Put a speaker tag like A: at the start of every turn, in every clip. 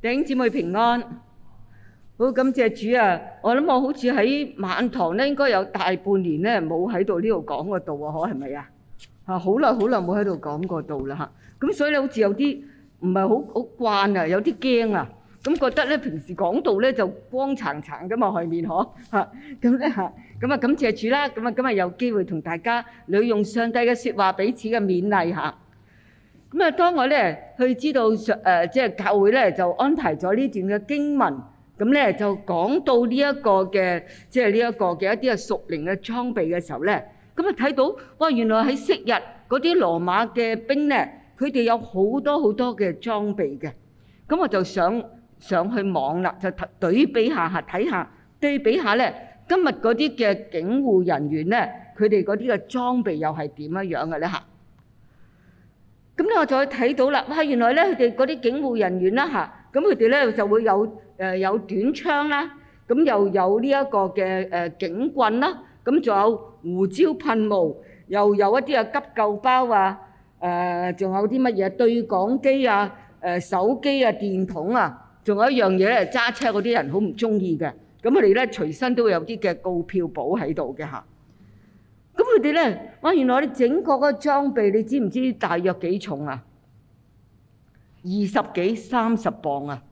A: 弟兄姊妹平安，好，感謝主啊！我諗我好似喺晚堂咧，應該有大半年咧冇喺度呢度講過道喎，嗬，係咪啊？嚇，好耐好耐冇喺度講過道啦嚇。咁所以咧，好似有啲唔係好好慣啊，有啲驚啊。咁覺得咧，平時講道咧就光燦燦嘅嘛，外面嗬嚇。咁咧嚇，咁啊感謝主啦。咁啊今日有機會同大家利用上帝嘅説話彼此嘅勉勵嚇。咁啊，當我咧去知道上誒，即係教會咧就安排咗呢段嘅經文，咁咧就講到呢一個嘅，即係呢一個嘅一啲啊屬靈嘅裝備嘅時候咧，咁啊睇到哇，原來喺昔日嗰啲羅馬嘅兵咧，佢哋有好多好多嘅裝備嘅，咁我就上上去網啦，就對比下下睇下對比下咧，今日嗰啲嘅警務人員咧，佢哋嗰啲嘅裝備又係點啊樣嘅咧嚇？咁咧我再睇到啦，哇，原來咧佢哋嗰啲警務人員啦嚇，咁佢哋咧就會有誒有短槍啦，咁又有呢一個嘅誒警棍啦，咁仲有胡椒噴霧，又有一啲啊急救包啊，誒仲有啲乜嘢對講機啊，誒手機啊電筒啊，仲有一樣嘢咧揸車嗰啲人好唔中意嘅，咁佢哋咧隨身都會有啲嘅告票簿喺度嘅嚇。佢哋咧，哇！原來我哋整個嗰裝備，你知唔知大約幾重啊？二十幾三十磅啊！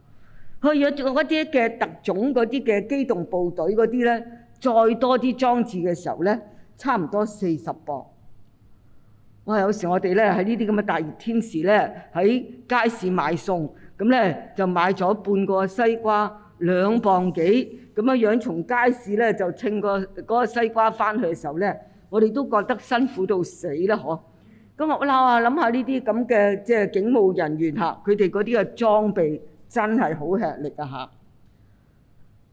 A: 佢有嗰啲嘅特種嗰啲嘅機動部隊嗰啲咧，再多啲裝置嘅時候咧，差唔多四十磅。哇！有時我哋咧喺呢啲咁嘅大熱天時咧，喺街市買餸，咁咧就買咗半個西瓜兩磅幾，咁樣樣從街市咧就稱過嗰個西瓜返去嘅時候咧。我哋都覺得辛苦到死啦，嗬！咁我撈下諗下呢啲咁嘅即係警務人員嚇，佢哋嗰啲嘅裝備真係好吃力啊嚇！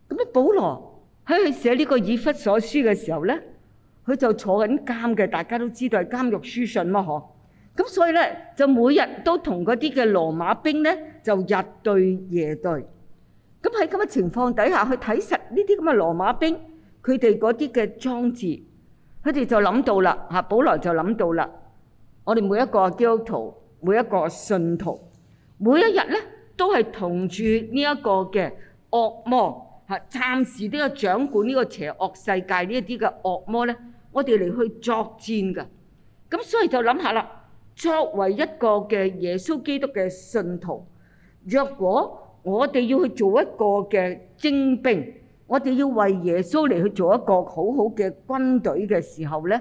A: 咁咧，保羅喺佢寫呢個以弗所書嘅時候咧，佢就坐緊監嘅，大家都知道係監獄書信嘛，嗬！咁所以咧就每日都同嗰啲嘅羅馬兵咧就日對夜對。咁喺咁嘅情況底下去睇實呢啲咁嘅羅馬兵，佢哋嗰啲嘅裝置。佢哋就諗到啦，嚇！保羅就諗到啦。我哋每一個基督徒，每一個信徒，每一日咧，都係同住呢一個嘅惡魔嚇，暫時呢個掌管呢個邪惡世界呢一啲嘅惡魔咧，我哋嚟去作戰㗎。咁所以就諗下啦，作為一個嘅耶穌基督嘅信徒，若果我哋要去做一個嘅精兵。我哋要為耶穌嚟去做一個好好嘅軍隊嘅時候咧，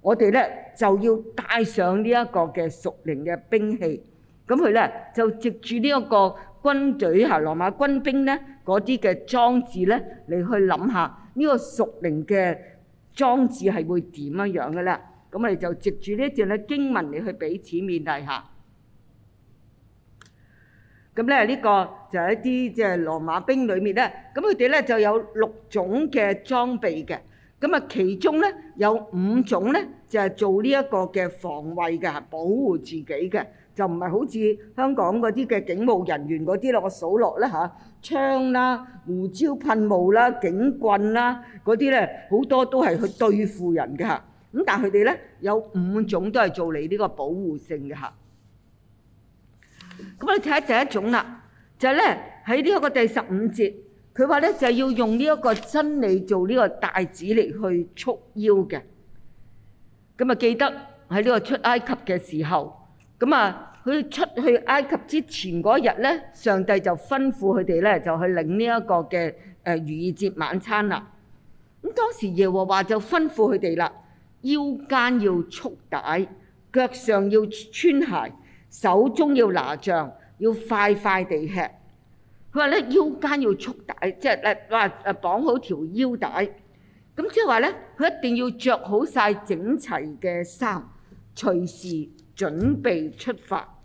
A: 我哋咧就要帶上呢一個嘅屬靈嘅兵器。咁佢咧就藉住呢一個軍隊係羅馬軍兵咧嗰啲嘅裝置咧，你去諗下呢個屬靈嘅裝置係會點樣樣嘅啦。咁我哋就藉住呢一段經文嚟去彼此勉勵下。咁咧呢個就係一啲即係羅馬兵裏面咧，咁佢哋咧就有六種嘅裝備嘅，咁啊其中咧有五種咧就係做呢一個嘅防衞嘅，嚇保護自己嘅，就唔係好似香港嗰啲嘅警務人員嗰啲咯。我數落咧嚇，槍啦、胡椒噴霧啦、警棍啦嗰啲咧好多都係去對付人嘅嚇。咁但係佢哋咧有五種都係做你呢個保護性嘅嚇。咁我哋睇下第一種啦，就係咧喺呢一個第十五節，佢話咧就係要用呢一個真理做呢個帶子嚟去束腰嘅。咁啊，記得喺呢個出埃及嘅時候，咁啊，佢出去埃及之前嗰日咧，上帝就吩咐佢哋咧就去領呢一個嘅誒逾越節晚餐啦。咁當時耶和華就吩咐佢哋啦，腰間要束帶，腳上要穿鞋。手中要拿杖，要快快地吃。佢話咧腰間要束帶，即係咧話誒綁好條腰帶。咁即係話咧，佢一定要著好曬整齊嘅衫，隨時準備出發。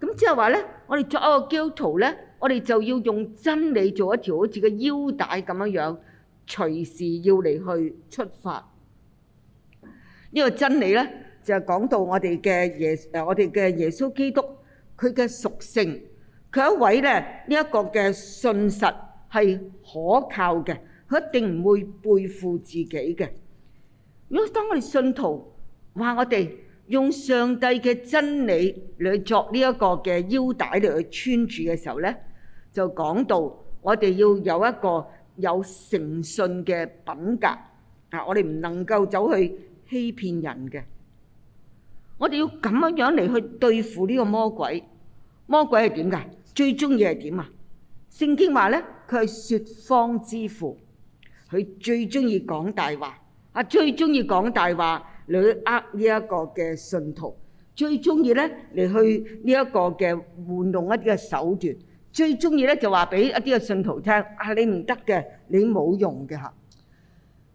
A: 咁即係話咧，我哋作一個基督徒咧，我哋就要用真理做一條好似個腰帶咁樣樣，隨時要嚟去出發。呢個真理咧。就講到我哋嘅耶，我哋嘅耶穌基督，佢嘅屬性，佢一位咧呢一個嘅信實係可靠嘅，佢一定唔會背負自己嘅。如果當我哋信徒話我哋用上帝嘅真理嚟作呢一個嘅腰帶嚟去穿住嘅時候咧，就講到我哋要有一個有誠信嘅品格啊！我哋唔能夠走去欺騙人嘅。我哋要咁樣樣嚟去對付呢個魔鬼。魔鬼係點㗎？最中意係點啊？聖經話咧，佢係説謊之父，佢最中意講大話，啊最中意講大話嚟去呃呢一個嘅信徒，最中意咧嚟去呢一個嘅玩弄一啲嘅手段，最中意咧就話俾一啲嘅信徒聽，啊你唔得嘅，你冇用嘅嚇。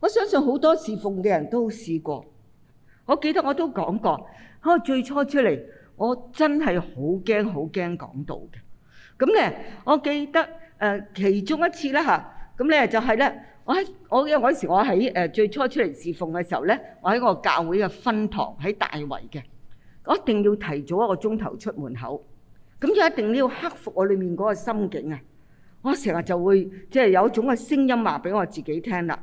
A: 我相信好多侍奉嘅人都試過。我記得我都講過，我最初出嚟，我真係好驚好驚講到嘅。咁咧，我記得誒、呃、其中一次咧吓，咁咧就係、是、咧，我喺我因為嗰時我喺誒、呃、最初出嚟侍奉嘅時候咧，我喺個教會嘅分堂喺大圍嘅，我一定要提早一個鐘頭出門口，咁就一定要克服我裏面嗰個心境啊！我成日就會即係有一種嘅聲音話俾我自己聽啦。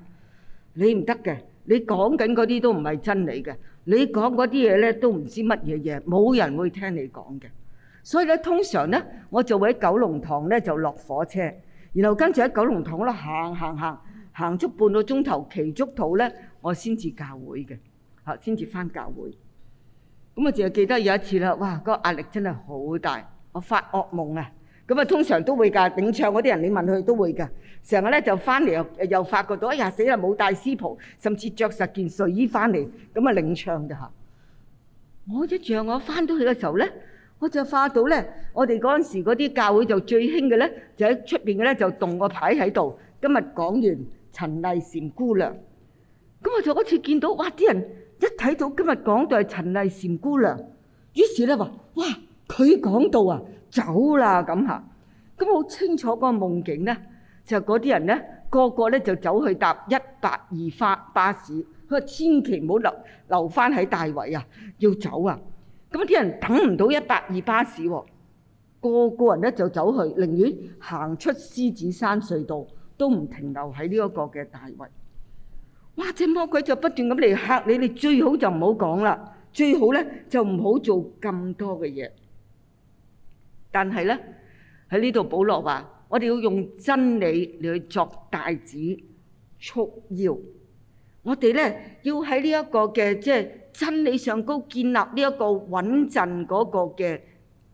A: 你唔得嘅，你講緊嗰啲都唔係真理嘅，你講嗰啲嘢咧都唔知乜嘢嘢，冇人會聽你講嘅。所以咧，通常咧，我就會喺九龍塘咧就落火車，然後跟住喺九龍塘度行行行，行足半個鐘頭，祈禱咧，我先至教會嘅，嚇先至翻教會。咁我淨係記得有一次啦，哇！個壓力真係好大，我發惡夢啊！咁啊，通常都會㗎，領唱嗰啲人，你問佢都會㗎。成日咧就翻嚟又又發覺到，哎呀死啦，冇帶絲袍，甚至著實件睡衣翻嚟，咁啊領唱就嚇。我一樣，我翻到去嘅時候咧，我就發到咧，我哋嗰陣時嗰啲教會就最興嘅咧，就喺出邊嘅咧就棟個牌喺度。今日講完陳麗蟬姑娘，咁我就嗰次見到，哇！啲人一睇到今日講到係陳麗蟬姑娘，於是咧話，哇！佢講到啊～走啦咁嚇，咁我好清楚嗰個夢境咧，就嗰啲人咧，個個咧就走去搭一八二發巴士，佢話千祈唔好留留翻喺大圍啊，要走啊。咁啲人等唔到一八二巴士喎，個個人咧就走去，寧願行出獅子山隧道都唔停留喺呢一個嘅大圍。哇！隻魔鬼就不斷咁嚟嚇你，你最好就唔好講啦，最好咧就唔好做咁多嘅嘢。但係咧喺呢度，保羅話：我哋要用真理嚟去作帶子束腰。我哋咧要喺呢一個嘅即係真理上高建立呢一個穩陣嗰個嘅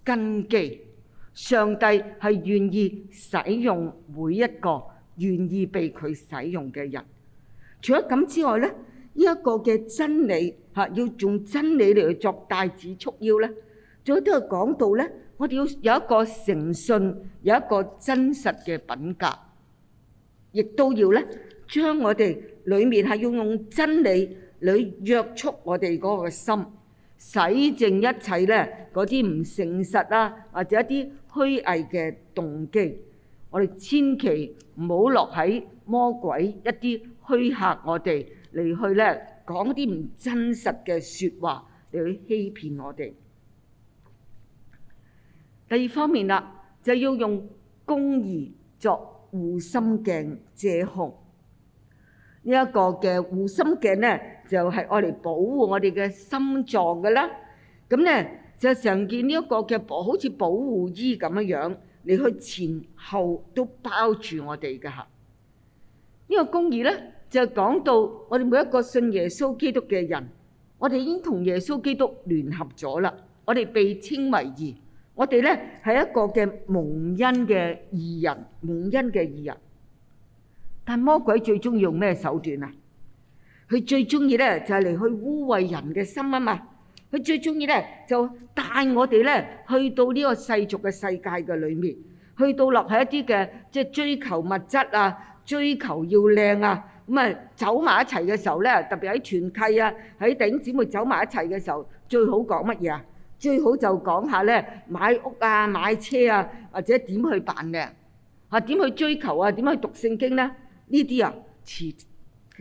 A: 根基。上帝係願意使用每一個願意被佢使用嘅人。除咗咁之外咧，呢一個嘅真理吓要用真理嚟去作帶子束腰咧。仲有都係講到咧。我哋要有一個誠信，有一個真實嘅品格，亦都要咧將我哋裏面係要用真理嚟約束我哋嗰個心，洗淨一切咧嗰啲唔誠實啊，或者一啲虛偽嘅動機。我哋千祈唔好落喺魔鬼一啲虛嚇我哋嚟去咧講啲唔真實嘅説話嚟去欺騙我哋。第二方面啦，就要用公義作護心鏡遮胸。呢一個嘅護心鏡咧，就係愛嚟保護我哋嘅心臟嘅啦。咁咧就成件呢一個嘅保，好似保護衣咁樣樣，你去前後都包住我哋嘅㗎。呢個公義咧，就講到我哋每一個信耶穌基督嘅人，我哋已經同耶穌基督聯合咗啦，我哋被稱為義。我哋咧係一個嘅蒙恩嘅義人，蒙恩嘅義人。但魔鬼最中意用咩手段啊？佢最中意咧就係嚟去污穢人嘅心啊嘛！佢最中意咧就帶我哋咧去到呢個世俗嘅世界嘅裏面，去到落喺一啲嘅即係追求物質啊、追求要靚啊咁啊走埋一齊嘅時候咧，特別喺團契啊、喺弟兄姊妹走埋一齊嘅時候，最好講乜嘢啊？最好就講下咧，買屋啊、買車啊，或者點去扮靚？嚇、啊、點去追求啊？點去讀聖經咧？呢啲啊，遲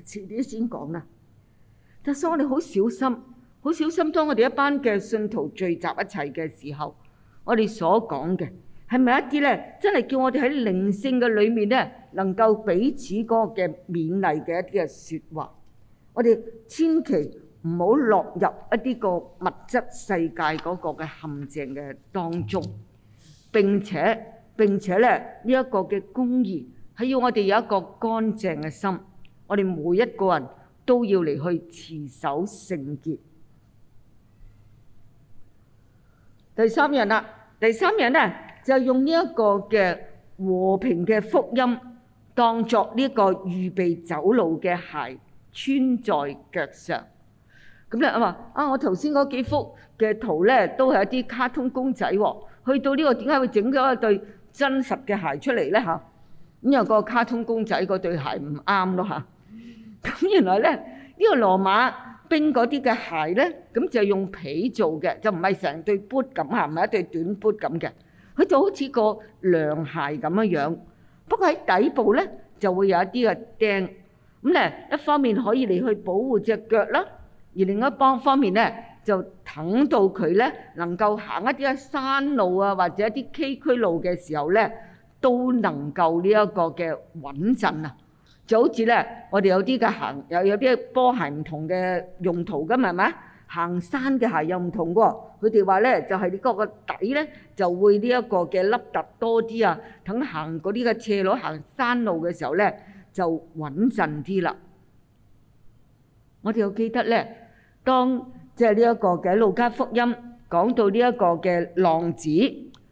A: 遲啲先講啦。但係我哋好小心，好小心，當我哋一班嘅信徒聚集一齊嘅時候，我哋所講嘅係咪一啲咧？真係叫我哋喺靈性嘅裡面咧，能夠彼此個嘅勉勵嘅一啲嘅説話，我哋千祈。唔好落入一啲個物質世界嗰個嘅陷阱嘅當中。並且，並且咧，呢一個嘅公義係要我哋有一個乾淨嘅心。我哋每一個人都要嚟去持守聖潔。第三樣啦，第三樣咧，就用呢一個嘅和平嘅福音，當作呢個預備走路嘅鞋穿在腳上。咁咧啊話啊！我頭先嗰幾幅嘅圖咧，都係一啲卡通公仔喎。去到呢個點解會整咗一對真實嘅鞋出嚟咧？嚇，咁因為個卡通公仔嗰對鞋唔啱咯嚇。咁原來咧，呢個羅馬兵嗰啲嘅鞋咧，咁就係用皮做嘅，就唔係成對 boot 咁嚇，唔係一對短 boot 咁嘅。佢就好似個涼鞋咁啊樣，不過喺底部咧就會有一啲嘅釘咁咧。一方面可以嚟去保護隻腳啦。而另一方方面咧，就等到佢咧能夠行一啲嘅山路啊，或者一啲崎嶇路嘅時候咧，都能夠呢一個嘅穩陣啊！就好似咧，我哋有啲嘅行又有啲波鞋唔同嘅用途㗎嘛？係咪行山嘅鞋又唔同喎？佢哋話咧就係你嗰個底咧就會呢一個嘅凹凸多啲啊，等行嗰啲嘅斜路行山路嘅時候咧就穩陣啲啦。我哋又記得咧。當即係呢一個嘅路加福音講到呢一個嘅浪子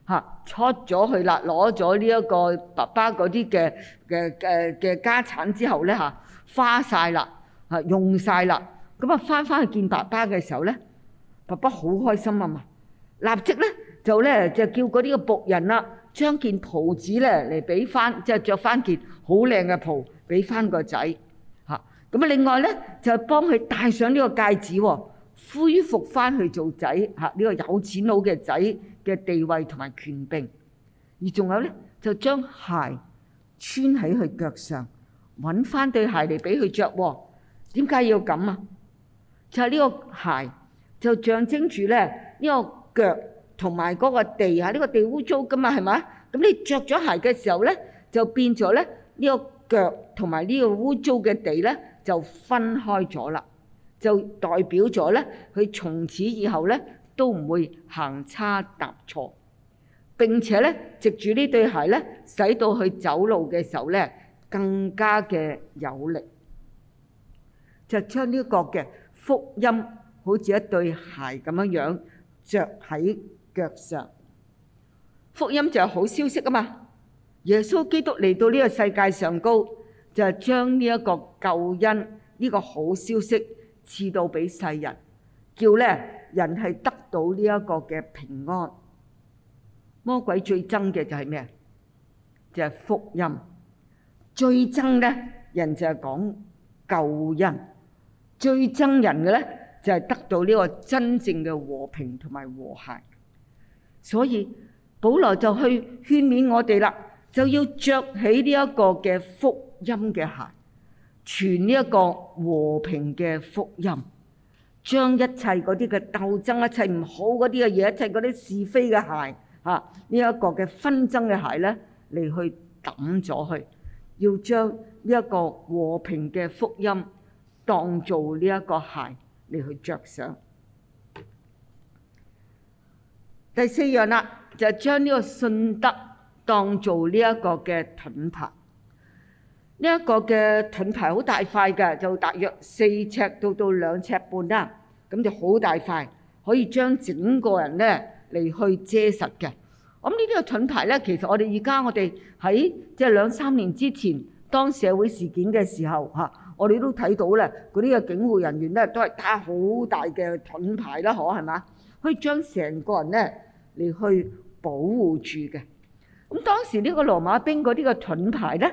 A: 嚇出咗去啦，攞咗呢一個爸爸嗰啲嘅嘅嘅嘅家產之後咧嚇花曬啦，嚇用曬啦，咁啊翻返去見爸爸嘅時候咧，爸爸好開心啊嘛，立即咧就咧就叫嗰啲個僕人啦，將件袍子咧嚟俾翻，即係著翻件好靚嘅袍俾翻個仔。咁啊！另外咧，就係幫佢戴上呢個戒指喎，恢復翻去做仔嚇呢個有錢佬嘅仔嘅地位同埋權柄。而仲有咧，就將鞋穿喺佢腳上，揾翻對鞋嚟俾佢著。點解要咁啊？就係呢個鞋就象徵住咧呢個腳同埋嗰個地嚇呢個地污糟噶嘛，係咪？咁你著咗鞋嘅時候咧，就變咗咧呢個腳同埋呢個污糟嘅地咧。就分開咗啦，就代表咗咧，佢從此以後咧都唔會行差踏錯。並且咧，藉住呢對鞋咧，使到佢走路嘅時候咧更加嘅有力。就將呢個嘅福音，好似一對鞋咁樣樣著喺腳上。福音就係好消息啊嘛！耶穌基督嚟到呢個世界上高，就係將呢一個救恩呢個好消息，賜到俾世人，叫咧人係得到呢一個嘅平安。魔鬼最憎嘅就係咩？就係福音最憎咧，人就係講救恩最憎人嘅咧，就係得到呢個真正嘅和平同埋和諧。所以保羅就去勸勉我哋啦，就要著起呢一個嘅福音嘅鞋，傳呢一個和平嘅福音，將一切嗰啲嘅鬥爭，一切唔好嗰啲嘅嘢，一切嗰啲是非嘅鞋，吓呢一個嘅紛爭嘅鞋咧，嚟去抌咗佢，要將呢一個和平嘅福音當作呢一個鞋嚟去着上。第四樣啦，就係將呢個信德當作呢一個嘅盾牌。呢一個嘅盾牌好大塊嘅，就大約四尺到到兩尺半啦，咁就好大塊，可以將整個人咧嚟去遮實嘅。咁呢啲嘅盾牌咧，其實我哋而家我哋喺即係兩三年之前當社會事件嘅時候嚇、啊，我哋都睇到啦，嗰啲嘅警務人員咧都係打好大嘅盾牌啦，嗬，係嘛？可以將成個人咧嚟去保護住嘅。咁、嗯、當時呢個羅馬兵嗰啲嘅盾牌咧？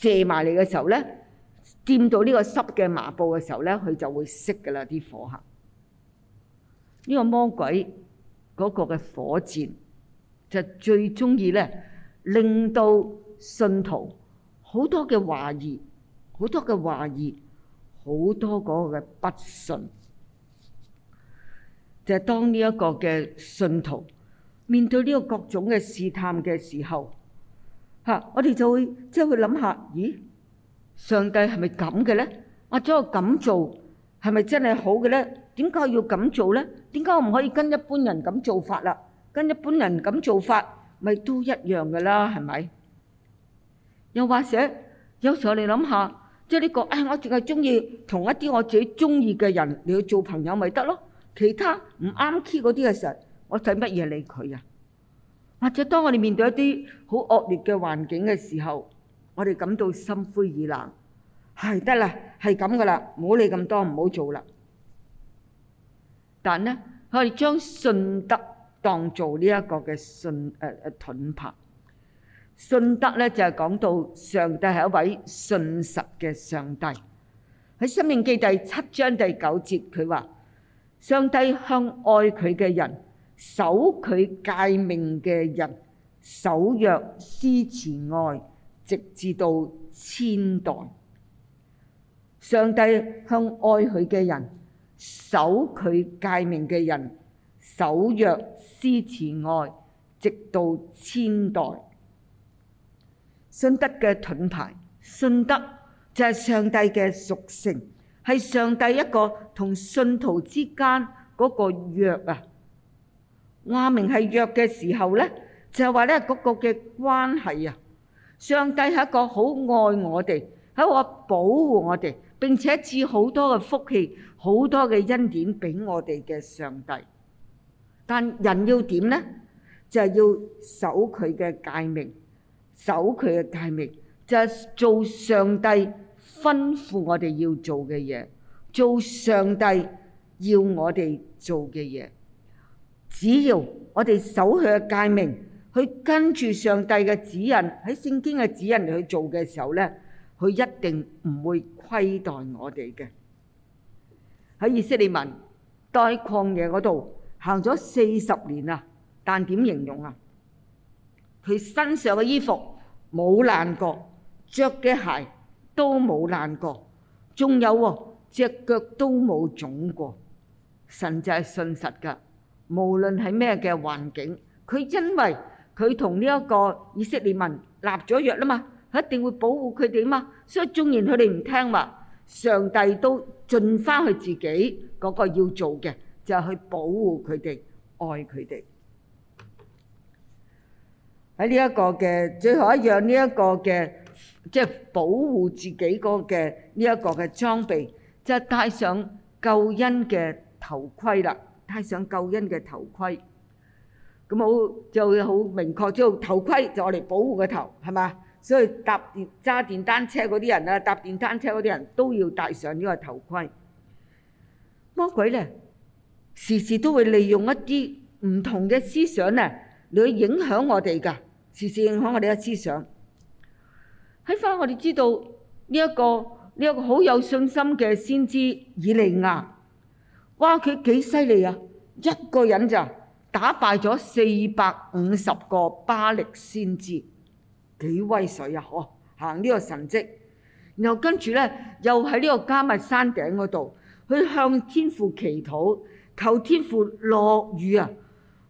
A: 借埋嚟嘅時候咧，沾到呢個濕嘅麻布嘅時候咧，佢就會熄㗎啦！啲火嚇。呢個魔鬼嗰個嘅火箭就最鍾意咧，令到信徒好多嘅懷疑，好多嘅懷疑，好多嗰個嘅不信。就係當呢一個嘅信徒面對呢個各種嘅試探嘅時候。嚇！我哋就會即係去諗下，咦？上帝係咪咁嘅咧？或者我咁做係咪真係好嘅咧？點解要咁做咧？點解我唔可以跟一般人咁做法啦？跟一般人咁做法，咪都一樣嘅啦，係咪？又或者有時候你諗下，即係呢個，唉，我淨係中意同一啲我自己中意嘅人嚟去做朋友，咪得咯。其他唔啱 key 嗰啲嘅時候，我使乜嘢理佢啊？或者當我哋面對一啲好惡劣嘅環境嘅時候，我哋感到心灰意冷，係得啦，係咁噶啦，唔好理咁多，唔好做啦。但呢，我哋將信德當做呢一個嘅信誒誒盾牌。信德呢就係講到上帝係一位信實嘅上帝。喺申命記第七章第九節，佢話：上帝向愛佢嘅人，守佢誡命嘅人，守約施慈愛，直至到千代。上帝向愛佢嘅人，守佢誡命嘅人，守約施慈愛，直到千代。信德嘅盾牌，信德就係上帝嘅屬性，係上帝一個同信徒之間嗰個約啊。話明係弱嘅時候咧，就係話咧嗰個嘅關係啊，上帝係一個好愛我哋，係一個保護我哋，並且賜好多嘅福氣、好多嘅恩典俾我哋嘅上帝。但人要點咧？就係要守佢嘅誡命，守佢嘅誡命，就係做上帝吩咐我哋要做嘅嘢，做上帝要我哋做嘅嘢。只要我哋守佢嘅誡命，去跟住上帝嘅指引，喺聖經嘅指引嚟去做嘅時候咧，佢一定唔會虧待我哋嘅。喺以色列民待曠野嗰度行咗四十年啊，但點形容啊？佢身上嘅衣服冇爛過，著嘅鞋都冇爛過，仲有喎，隻腳都冇腫過。神就係信實噶。無論係咩嘅環境，佢因為佢同呢一個以色列民立咗約啊嘛，佢一定會保護佢哋啊嘛。所以，縱然佢哋唔聽話，上帝都盡翻佢自己嗰個要做嘅，就係去保護佢哋、愛佢哋。喺呢一個嘅最後一樣，呢一個嘅即係保護自己嗰個嘅呢一個嘅裝備，就係戴上救恩嘅頭盔啦。戴上救恩嘅頭盔，咁好就會好明確知道頭盔就我嚟保護個頭，係嘛？所以搭電揸電單車嗰啲人啊，搭電單車嗰啲人都要戴上呢個頭盔。魔鬼咧，時時都會利用一啲唔同嘅思想咧，嚟去影響我哋噶，時時影響我哋嘅思想。喺翻我哋知道呢一個呢一個好有信心嘅先知以利亞。哇！佢幾犀利啊！一個人就打敗咗四百五十個巴力先知，幾威水啊！哦，行呢個神蹟，然後跟住咧又喺呢個加密山頂嗰度，去向天父祈禱，求天父落雨啊！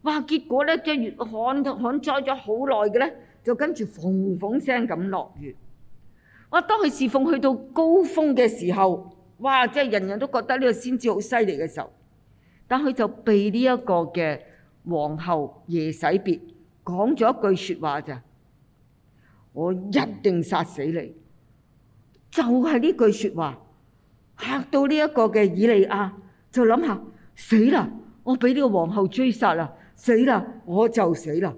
A: 哇！結果咧即係月旱旱災咗好耐嘅咧，就跟住唪唪聲咁落雨。哇！當佢侍奉去到高峰嘅時候。哇！即係人人都覺得呢個先知好犀利嘅時候，但佢就被呢一個嘅皇后耶洗別講咗一句説話咋？我一定殺死你！就係呢句説話嚇到呢一個嘅以利亞，就諗下死啦！我俾呢個皇后追殺啦，死啦！我就死啦！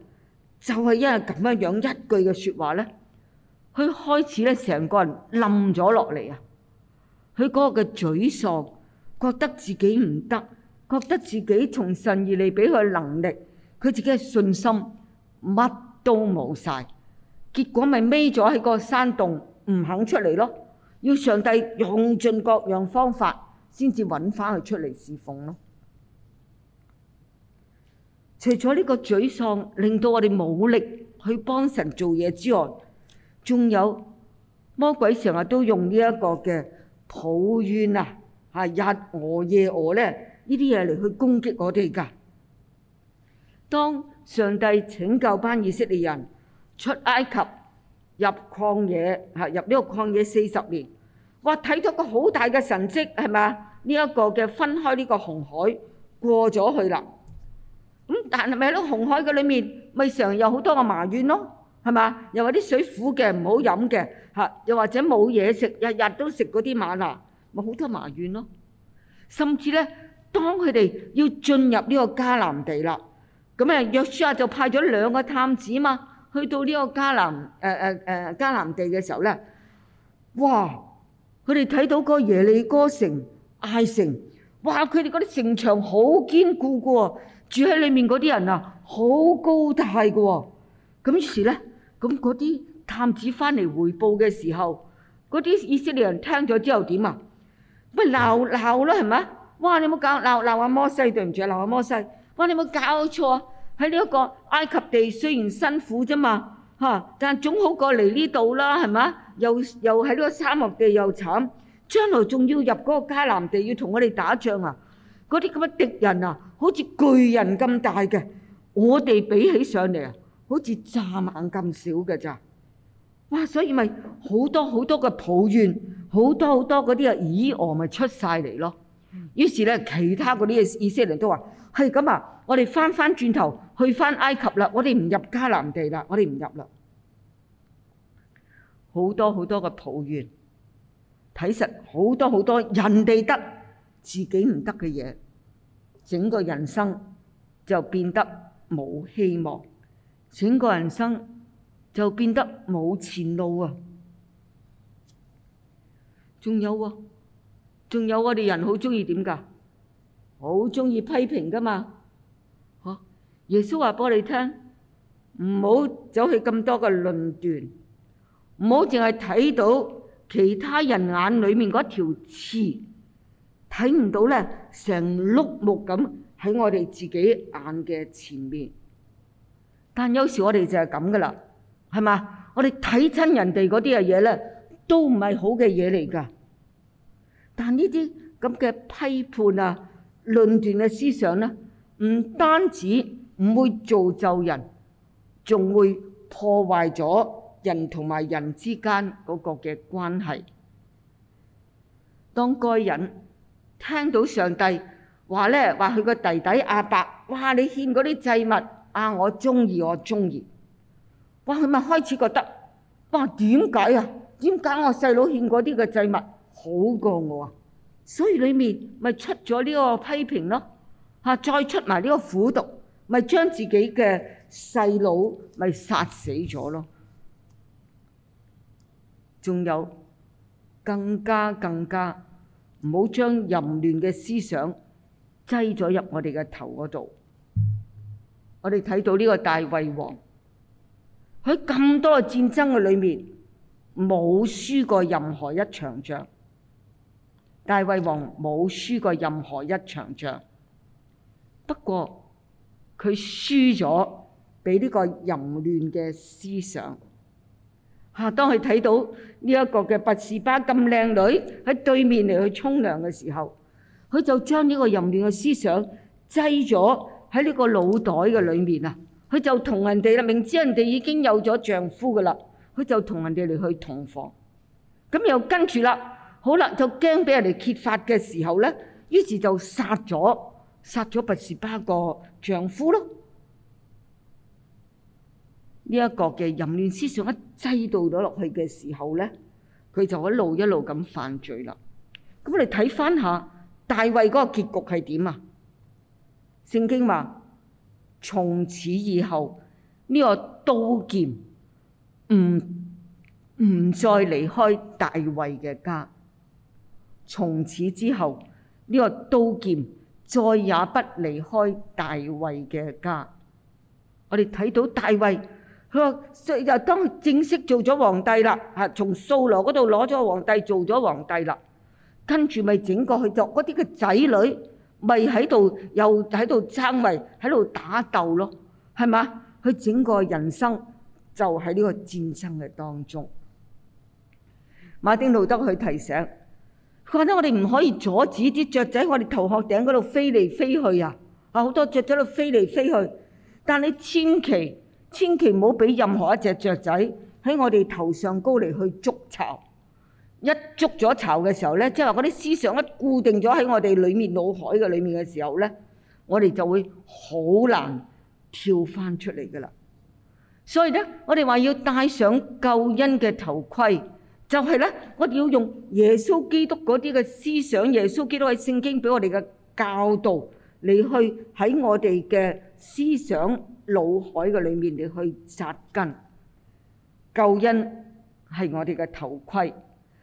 A: 就係因為咁樣樣一句嘅説話咧，佢開始咧成個人冧咗落嚟啊！佢嗰個嘅沮喪，覺得自己唔得，覺得自己從神而嚟俾佢嘅能力，佢自己嘅信心乜都冇曬，結果咪匿咗喺個山洞唔肯出嚟咯。要上帝用盡各樣方法先至揾翻佢出嚟侍奉咯。除咗呢個沮喪令到我哋冇力去幫神做嘢之外，仲有魔鬼成日都用呢一個嘅。好冤啊！嚇，日餓夜餓咧，呢啲嘢嚟去攻擊我哋噶。當上帝拯救班以色列人出埃及入曠野嚇，入呢個曠野四十年，我睇到個好大嘅神跡係嘛？呢一、這個嘅分開呢個紅海過咗去啦。咁、嗯、但係咪喺呢個紅海嘅裏面咪常有好多個埋怨咯？係嘛？又話啲水苦嘅，唔好飲嘅，嚇！又或者冇嘢食，日日都食嗰啲嗎哪，咪好多埋怨咯。甚至咧，當佢哋要進入呢個迦南地啦，咁啊，約書亞就派咗兩個探子嘛，去到呢個迦南誒誒誒迦南地嘅時候咧，哇！佢哋睇到個耶利哥城、艾城，哇！佢哋嗰啲城牆好堅固㗎喎，哦，住喺裏面嗰啲人啊，好高大㗎喎，咁於是咧。咁嗰啲探子翻嚟回報嘅時候，嗰啲以色列人聽咗之後點啊？咪鬧鬧咯，係咪？哇！你冇搞，鬧鬧阿摩西對唔住啊，鬧阿摩西！哇！你冇搞錯喺呢一個埃及地，雖然辛苦咋嘛吓，但總好過嚟呢度啦，係咪？又又喺呢個沙漠地又慘，將來仲要入嗰個迦南地要同我哋打仗啊！嗰啲咁嘅敵人啊，好似巨人咁大嘅，我哋比起上嚟啊！好似蚱蜢咁少嘅咋？哇！所以咪好多好多嘅抱怨，好多好多嗰啲啊，咦？我咪出晒嚟咯。於是咧，其他嗰啲嘅以色列人都話，係咁啊！我哋翻翻轉頭去翻埃及啦，我哋唔入迦南地啦，我哋唔入啦。好多好多嘅抱怨，睇實好多好多人哋得自己唔得嘅嘢，整個人生就變得冇希望。整個人生就變得冇前路啊！仲有喎、啊，仲有我哋人好鍾意點噶？好鍾意批評噶嘛？啊、耶穌話畀你聽，唔好走去咁多嘅論斷，唔好淨係睇到其他人眼裏面嗰條刺，睇唔到咧成碌木咁喺我哋自己眼嘅前面。但有時我哋就係咁噶啦，係嘛？我哋睇親人哋嗰啲嘅嘢咧，都唔係好嘅嘢嚟噶。但呢啲咁嘅批判啊、論斷嘅思想咧、啊，唔單止唔會造就人，仲會破壞咗人同埋人之間嗰個嘅關係。當該隱聽到上帝話咧話佢個弟弟亞伯，哇！你獻嗰啲祭物。啊！我中意，我中意。哇！佢咪開始覺得，哇！點解啊？點解我細佬獻嗰啲嘅祭物好過我啊？所以裡面咪出咗呢個批評咯。嚇、啊！再出埋呢個苦毒，咪將自己嘅細佬咪殺死咗咯。仲有更加更加唔好將淫亂嘅思想擠咗入我哋嘅頭嗰度。我哋睇到呢個大衛王喺咁多戰爭嘅裏面冇輸過任何一場仗，大衛王冇輸過任何一場仗。不過佢輸咗畀呢個淫亂嘅思想。嚇！當佢睇到呢一個嘅拔示巴咁靚女喺對面嚟去沖涼嘅時候，佢就將呢個淫亂嘅思想擠咗喺呢個腦袋嘅裏面啊，佢就同人哋啦，明知人哋已經有咗丈夫嘅啦，佢就同人哋嚟去同房，咁又跟住啦，好啦，就驚俾人哋揭發嘅時候咧，於是就殺咗殺咗拔示巴個丈夫咯。呢一個嘅淫亂思想一制度咗落去嘅時候咧，佢就一路一路咁犯罪啦。咁你睇翻下大衛嗰個結局係點啊？聖經話：從此以後，呢、這個刀劍唔唔再離開大衛嘅家。從此之後，呢、這個刀劍再也不離開大衛嘅家。我哋睇到大衛，佢話：就今正式做咗皇帝啦！嚇，從掃羅嗰度攞咗皇帝，做咗皇帝啦。跟住咪整過去做嗰啲嘅仔女。咪喺度又喺度爭，咪喺度打鬥咯，係嘛？佢整個人生就喺呢個戰爭嘅當中。馬丁路德佢提醒，佢話咧：我哋唔可以阻止啲雀仔喺我哋頭殼頂嗰度飛嚟飛去啊！啊，好多雀仔喺度飛嚟飛去，但你千祈千祈唔好俾任何一隻雀仔喺我哋頭上高嚟去捉巢。一捉咗巢嘅時候咧，即係話嗰啲思想一固定咗喺我哋裏面腦海嘅裏面嘅時候咧，我哋就會好難跳翻出嚟噶啦。所以咧，我哋話要戴上救恩嘅頭盔，就係咧，我哋要用耶穌基督嗰啲嘅思想，耶穌基督嘅聖經畀我哋嘅教導，你去喺我哋嘅思想腦海嘅裏面，你去紮根。救恩係我哋嘅頭盔。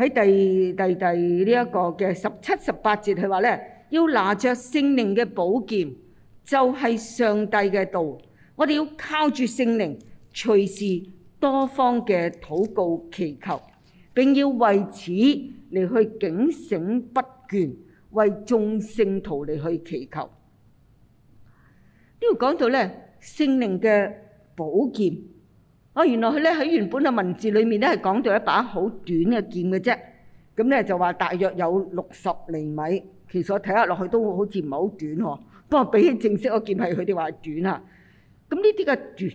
A: 喺第第第呢一個嘅十七十八節，佢話咧，要拿着聖靈嘅寶劍，就係上帝嘅道。我哋要靠住聖靈，隨時多方嘅禱告祈求，並要為此嚟去警醒不倦，為眾聖徒嚟去祈求。呢度講到咧，聖靈嘅寶劍。我原來佢咧喺原本嘅文字裏面咧係講到一把好短嘅劍嘅啫，咁咧就話大約有六十厘米。其實我睇下落去都好似唔係好短喎。不過比起正式嘅劍係佢哋話短啊。咁呢啲嘅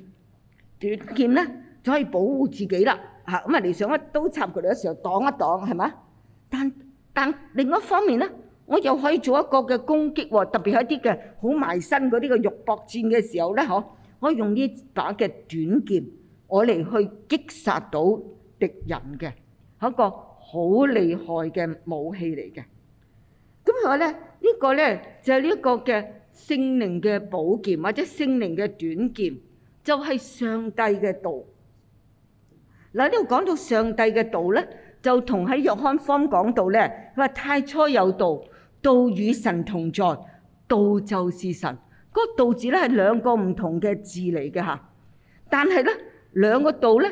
A: 短短劍咧就可以保護自己啦。嚇，咁啊，你想一刀插佢哋嘅時候擋一擋係嘛？但但另外一方面咧，我又可以做一個嘅攻擊喎。特別係啲嘅好埋身嗰啲嘅肉搏戰嘅時候咧，嗬，可以用呢把嘅短劍。我嚟去擊殺到敵人嘅，係一個好厲害嘅武器嚟嘅，咁我咧呢個咧就係呢一個嘅聖靈嘅寶劍或者聖靈嘅短劍，就係上帝嘅道。嗱，呢度講到上帝嘅道咧，就同喺約翰方講到咧，佢話太初有道，道與神同在，道就是神。嗰個道字咧係兩個唔同嘅字嚟嘅吓，但係咧。兩個道咧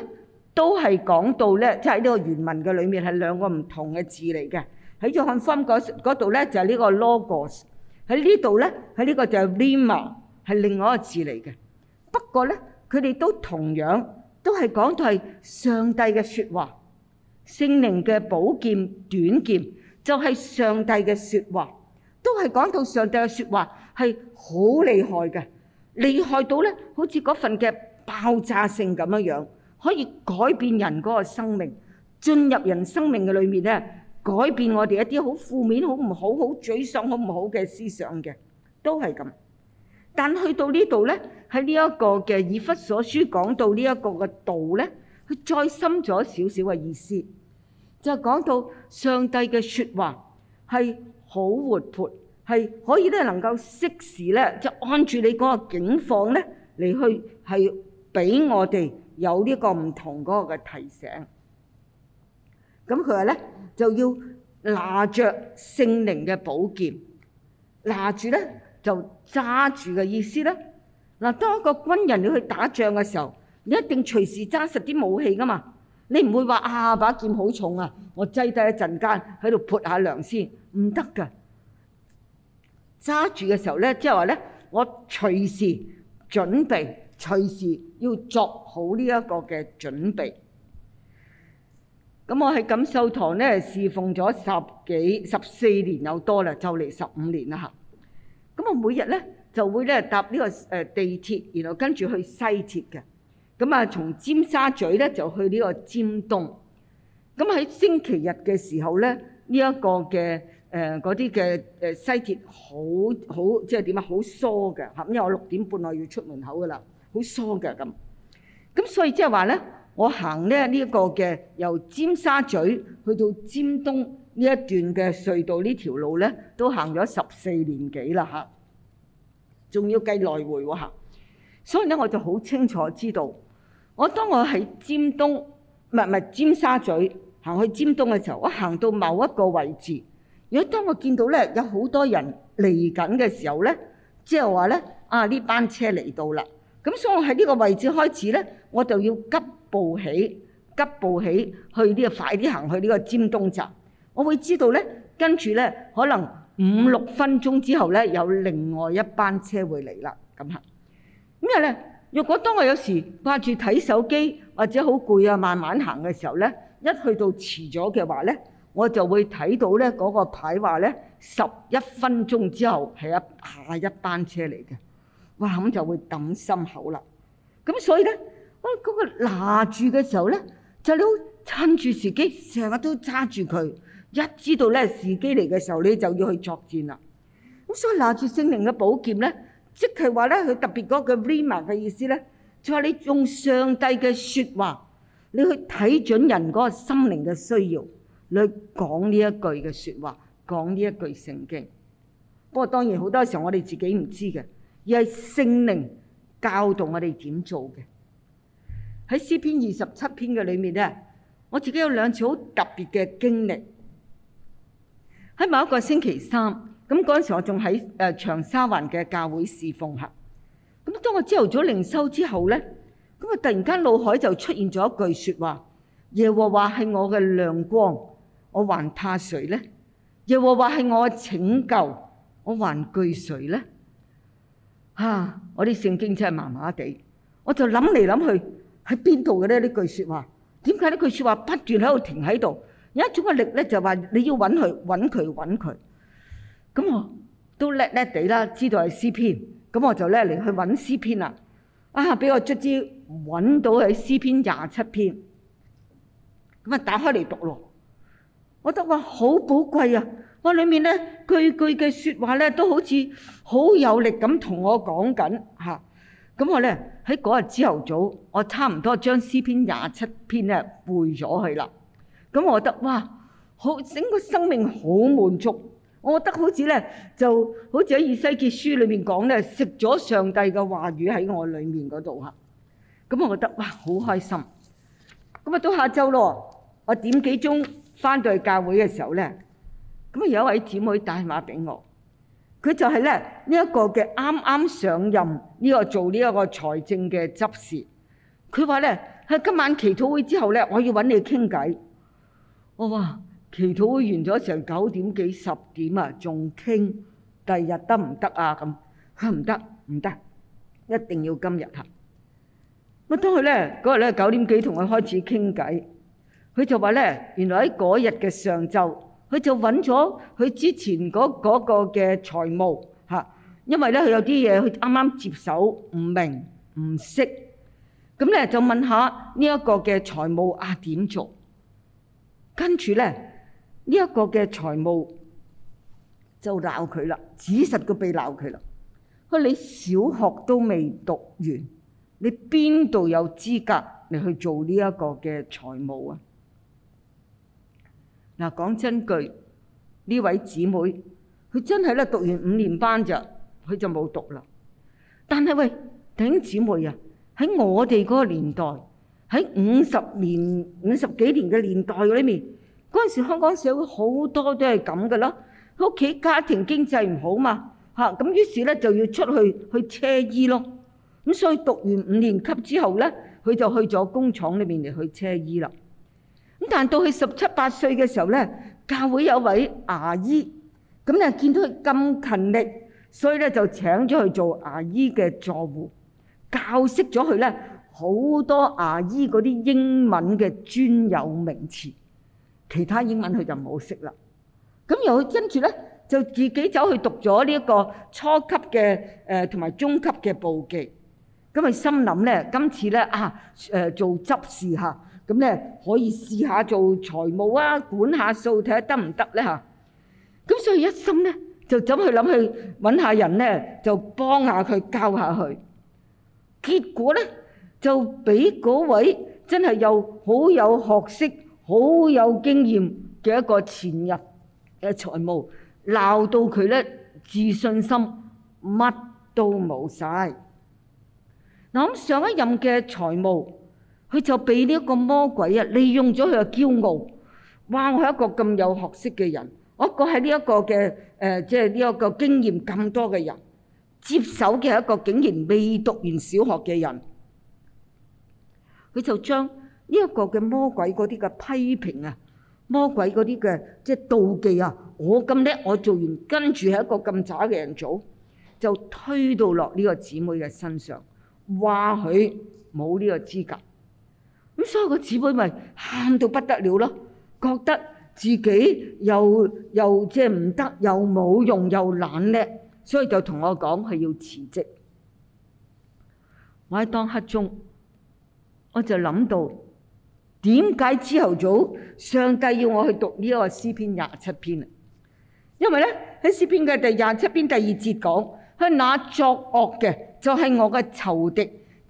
A: 都係講到咧，即係呢個原文嘅裏面係兩個唔同嘅字嚟嘅。喺約翰福音嗰嗰度咧就係呢個 logos，喺呢度咧喺呢個就係 rhema，係另外一個字嚟嘅。不過咧佢哋都同樣都係講到係上帝嘅説話，聖靈嘅寶劍短劍就係上帝嘅説話，都係講到上帝嘅説話係好厲害嘅，厲害到咧好似嗰份嘅，爆炸性咁樣樣，可以改變人嗰個生命，進入人生命嘅裏面咧，改變我哋一啲好負面、好唔好、好沮喪、好唔好嘅思想嘅，都係咁。但去到呢度咧，喺呢一個嘅以弗所書講到呢一個嘅道咧，佢再深咗少少嘅意思，就講到上帝嘅説話係好活潑，係可以咧能夠適時咧就按住你嗰個境況咧嚟去係。俾我哋有呢個唔同嗰個嘅提醒，咁佢話咧就要拿着聖靈嘅寶劍，拿住咧就揸住嘅意思咧。嗱，當一個軍人要去打仗嘅時候，你一定隨時揸實啲武器噶嘛，你唔會話啊把劍好重啊，我擠低一陣間喺度潑下涼先，唔得噶。揸住嘅時候咧，即係話咧，我隨時準備，隨時。要作好呢一個嘅準備。咁我喺錦秀堂咧侍奉咗十幾十四年有多啦，就嚟十五年啦嚇。咁我每日咧就會咧搭呢個誒地鐵，然後跟住去西鐵嘅。咁啊，從尖沙咀咧就去呢個尖東。咁喺星期日嘅時候咧，呢一個嘅誒嗰啲嘅誒西鐵好好即係點啊？好疏嘅嚇，因為我六點半我要出門口噶啦。好疏嘅咁，咁所以即係話咧，我行咧呢一個嘅由尖沙咀去到尖東呢一段嘅隧道呢條路咧，都行咗十四年幾啦嚇，仲要計來回喎嚇。所以咧，我就好清楚知道，我當我喺尖東唔係，唔係尖沙咀行去尖東嘅時候，我行到某一個位置，如果當我見到咧有好多人嚟緊嘅時候咧，即係話咧啊呢班車嚟到啦。咁所以我喺呢個位置開始咧，我就要急步起，急步起去呢、這個快啲行去呢個尖東站。我會知道咧，跟住咧可能五六分鐘之後咧，有另外一班車會嚟啦。咁嚇，因為咧，如果當我有時掛住睇手機或者好攰啊，慢慢行嘅時候咧，一去到遲咗嘅話咧，我就會睇到咧嗰、那個牌話咧十一分鐘之後係一下一班車嚟嘅。哇咁就會揼心口啦，咁所以咧，啊嗰個拿住嘅時候咧，就你好趁住時機，成日都揸住佢。一知道咧時機嚟嘅時候，你就要去作戰啦。咁所以拿住聖靈嘅寶劍咧，即係話咧，佢特別嗰個 rhema 嘅意思咧，就係你用上帝嘅説話，你去睇準人嗰個心靈嘅需要，你去講呢一句嘅説話，講呢一句聖經。不過當然好多時候我哋自己唔知嘅。而係聖靈教導我哋點做嘅。喺詩篇二十七篇嘅裏面咧，我自己有兩次好特別嘅經歷。喺某一個星期三，咁嗰陣時我仲喺誒長沙灣嘅教會侍奉下。咁當我朝頭早靈修之後咧，咁啊突然間腦海就出現咗一句説話：耶和華係我嘅亮光，我還怕誰咧？耶和華係我嘅拯救，我還懼誰咧？嚇！我啲聖經真係麻麻地，我就諗嚟諗去喺邊度嘅咧呢句説話？點解呢句説話不斷喺度停喺度？有一種嘅力咧，就話你要揾佢揾佢揾佢。咁我都叻叻地啦，知道係詩篇。咁我就咧嚟去揾詩篇啦。啊！俾我卒之揾到喺詩篇廿七篇。咁啊，打開嚟讀咯。我覺得話好寶貴啊！我裏面咧句句嘅説話咧都好似好有力咁同我講緊嚇，咁、啊、我咧喺嗰日朝頭早，我差唔多將詩篇廿七篇咧背咗去啦。咁我覺得哇，好整個生命好滿足，我覺得好似咧就好似喺以西結書裏面講咧，食咗上帝嘅話語喺我裏面嗰度嚇。咁我覺得哇，好開心。咁啊，到下晝咯，我點幾鐘翻到去教會嘅時候咧。咁啊！有一位姊妹打電話俾我，佢就係咧呢一個嘅啱啱上任呢個做呢一個財政嘅執事。佢話咧，喺今晚祈禱會之後咧，我要揾你傾偈。我話祈禱會完咗成九點幾十點啊，仲傾第二日得唔得啊？咁佢，唔得唔得，一定要今日啊！我當佢咧嗰日咧九點幾同佢開始傾偈，佢就話咧，原來喺嗰日嘅上晝。佢就揾咗佢之前嗰嗰個嘅財務嚇，因為咧佢有啲嘢佢啱啱接手，唔明唔識，咁咧就問下呢一個嘅財務啊點做？跟住咧呢一個嘅財務就鬧佢啦，指實個鼻鬧佢啦。佢話你小學都未讀完，你邊度有資格嚟去做呢一個嘅財務啊？嗱，講真句，呢位姊妹，佢真係咧讀完五年班咋，佢就冇讀啦。但係喂，弟兄姊妹啊，喺我哋嗰個年代，喺五十年、五十幾年嘅年代裏面，嗰陣時香港社會好多都係咁嘅啦。屋企家庭經濟唔好嘛，嚇咁於是咧就要出去去車衣咯。咁所以讀完五年級之後咧，佢就去咗工廠裏面嚟去車衣啦。咁但到佢十七八歲嘅時候咧，教會有位牙醫，咁咧見到佢咁勤力，所以咧就請咗佢做牙醫嘅助護，教識咗佢咧好多牙醫嗰啲英文嘅專有名詞，其他英文佢就冇識啦。咁又跟住咧就自己走去讀咗呢一個初級嘅誒同埋中級嘅簿記，咁佢心諗咧今次咧啊誒做執事嚇。咁咧可以試下做財務啊，管下數睇下得唔得咧吓？咁所以一心咧就走去諗去揾下人咧，就幫下佢教下佢。結果咧就俾嗰位真係又好有學識、好有經驗嘅一個前任嘅財務鬧到佢咧自信心乜都冇晒。嗱咁上一任嘅財務。佢就俾呢一個魔鬼啊，利用咗佢嘅驕傲。哇！我係一個咁有學識嘅人，我一個係呢一個嘅誒，即係呢一個經驗咁多嘅人接手嘅係一個，竟然未讀完小學嘅人，佢就將呢一個嘅魔鬼嗰啲嘅批評啊，魔鬼嗰啲嘅即係妒忌啊，我咁叻，我做完跟住係一個咁渣嘅人做，就推到落呢個姊妹嘅身上，話佢冇呢個資格。所有個姊妹咪喊到不得了咯，覺得自己又又即係唔得，又冇用，又懶叻，所以就同我講佢要辭職，我喺當刻中，我就諗到點解朝頭早上帝要我去讀呢個詩篇廿七篇？因為咧，喺詩篇嘅第廿七篇第二節講，佢那作惡嘅就係我嘅仇敵。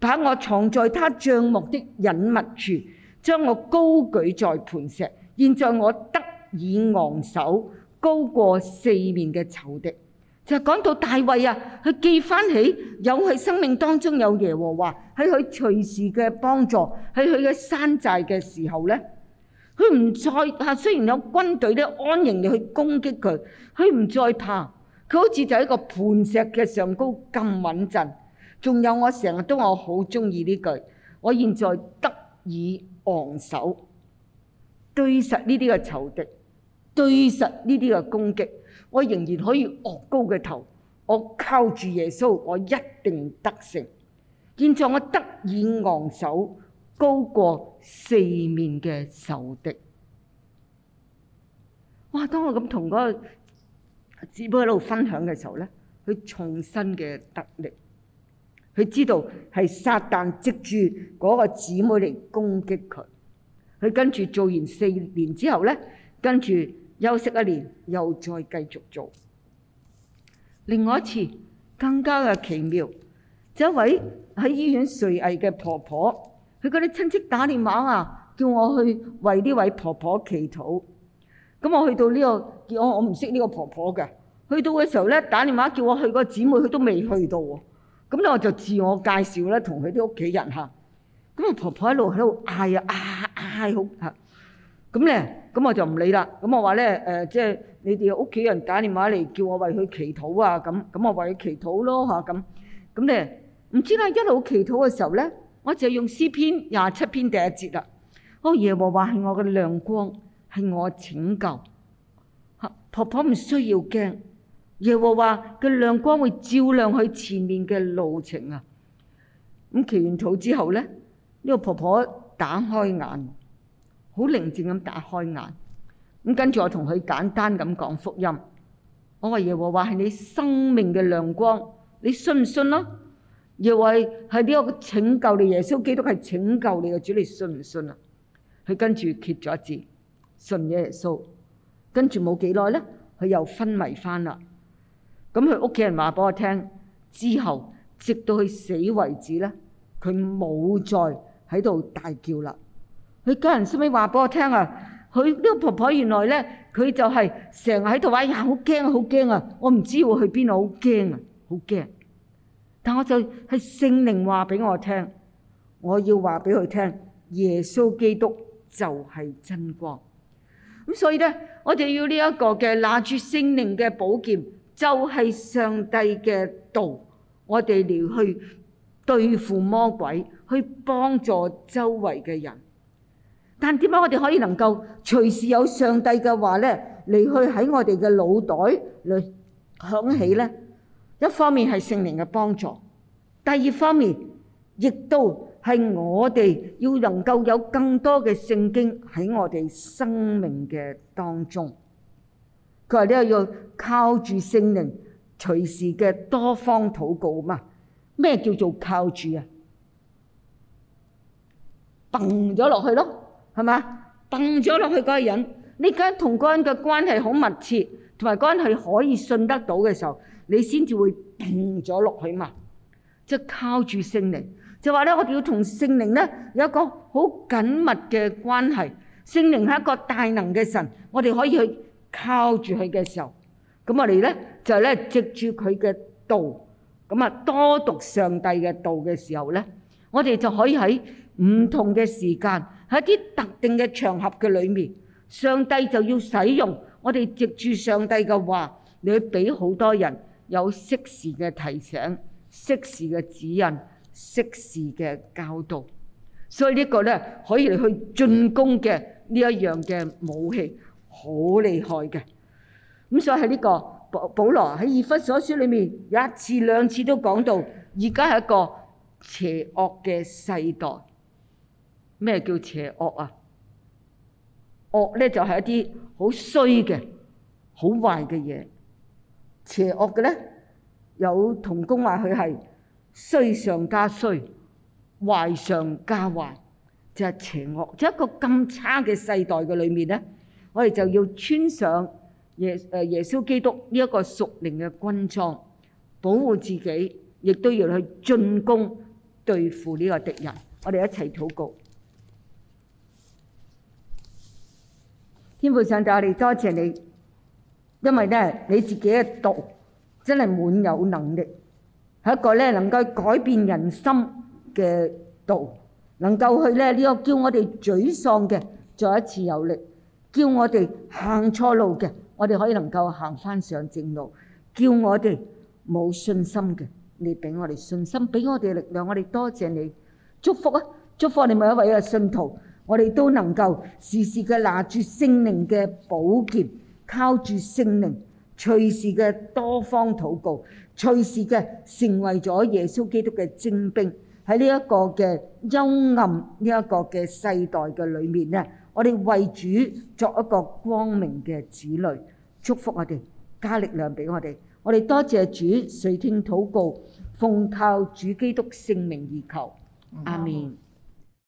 A: 把我藏在他帳幕的隱密處，將我高舉在磐石。現在我得以昂首，高過四面嘅仇敵。就講、是、到大衛啊，佢記翻起有喺生命當中有耶和華喺佢隨時嘅幫助，喺佢嘅山寨嘅時候咧，佢唔再怕，雖然有軍隊咧安營嚟去攻擊佢，佢唔再怕，佢好似就喺個磐石嘅上高咁穩陣。仲有我成日都我好中意呢句，我現在得以昂首對實呢啲嘅仇敵，對實呢啲嘅攻擊，我仍然可以昂高嘅頭，我靠住耶穌，我一定得勝。現在我得以昂首高過四面嘅仇敵。哇！當我咁同嗰個姊妹喺度分享嘅時候咧，佢重新嘅得力。佢知道係撒旦藉住嗰個姊妹嚟攻擊佢，佢跟住做完四年之後咧，跟住休息一年，又再繼續做。另外一次更加嘅奇妙，就一位喺醫院垂危嘅婆婆，佢嗰啲親戚打電話啊，叫我去為呢位婆婆祈禱。咁我去到呢、這個，我我唔識呢個婆婆嘅，去到嘅時候咧，打電話叫我去個姊妹，佢都未去到啊。咁咧我就自我介紹啦，同佢啲屋企人嚇。咁啊婆婆喺度喺度嗌啊嗌嗌好嚇。咁咧咁我就唔理啦。咁我話咧誒，即係你哋屋企人打電話嚟叫我為佢祈禱啊咁。咁我為佢祈禱咯嚇咁。咁咧唔知啦，一路祈禱嘅時候咧，我就用詩篇廿七篇第一節啦。哦，耶和華係我嘅亮光，係我拯救嚇。婆婆唔需要驚。耶和華嘅亮光會照亮佢前面嘅路程啊！咁、嗯、祈完禱之後咧，呢、這個婆婆打開眼，好寧靜咁打開眼。咁、嗯、跟住我同佢簡單咁講福音，我話耶和華係你生命嘅亮光，你信唔信、啊、耶和華係呢個拯救你耶穌基督係拯救你嘅主，你信唔信啊？佢跟住揭咗字，信耶穌。跟住冇幾耐咧，佢又昏迷翻啦。咁佢屋企人話俾我聽，之後直到佢死為止咧，佢冇再喺度大叫啦。佢家人收尾話俾我聽啊，佢呢個婆婆原來咧，佢就係成日喺度話呀，好驚啊，好驚啊！我唔知會去邊度，好驚啊，好驚。但我就係聖靈話俾我聽，我要話俾佢聽，耶穌基督就係真光。咁所以咧，我哋要呢一個嘅拿住聖靈嘅寶劍。就係上帝嘅道，我哋嚟去對付魔鬼，去幫助周圍嘅人。但點解我哋可以能夠隨時有上帝嘅話呢？嚟去喺我哋嘅腦袋裏響起呢？一方面係聖靈嘅幫助，第二方面亦都係我哋要能夠有更多嘅聖經喺我哋生命嘅當中。佢話呢個要靠住聖靈，隨時嘅多方禱告嘛？咩叫做靠住啊？掟咗落去咯，係嘛？掟咗落去嗰個人，你而家同嗰個人嘅關係好密切，同埋關係可以信得到嘅時候，你先至會掟咗落去嘛？即係靠住聖靈，就話咧，我哋要同聖靈咧有一個好緊密嘅關係。聖靈係一個大能嘅神，我哋可以去。靠住佢嘅時候，咁我哋咧就係咧藉住佢嘅道，咁啊多讀上帝嘅道嘅時候咧，我哋就可以喺唔同嘅時間喺啲特定嘅場合嘅裏面，上帝就要使用我哋藉住上帝嘅話，嚟俾好多人有適時嘅提醒、適時嘅指引、適時嘅教導。所以呢個咧可以嚟去進攻嘅呢一樣嘅武器。好厲害嘅，咁所以喺呢、這個保保羅喺以弗所書裏面一次兩次都講到，而家係一個邪惡嘅世代。咩叫邪惡啊？惡咧就係一啲好衰嘅、好壞嘅嘢。邪惡嘅咧，有同工話佢係衰上加衰、壞上加壞，就係、是、邪惡。就是、一個咁差嘅世代嘅裏面咧。我哋就要穿上耶誒耶穌基督呢一個屬靈嘅軍裝，保護自己，亦都要去進攻對付呢個敵人。我哋一齊禱告，天父上帝，我哋多謝你，因為咧你自己嘅道真係滿有能力，係一個咧能夠改變人心嘅道，能夠去咧呢個叫我哋沮喪嘅再一次有力。叫我哋行錯路嘅，我哋可以能夠行翻上正路；叫我哋冇信心嘅，你俾我哋信心，俾我哋力量。我哋多謝你，祝福啊！祝福你每一位嘅信徒，我哋都能夠時時嘅拿住聖靈嘅寶劍，靠住聖靈，隨時嘅多方禱告，隨時嘅成為咗耶穌基督嘅精兵。喺呢一個嘅幽暗呢一個嘅世代嘅裏面呢，我哋為主作一個光明嘅子女，祝福我哋，加力量俾我哋。我哋多謝主，垂聽禱告，奉靠主基督聖名而求，嗯、阿門。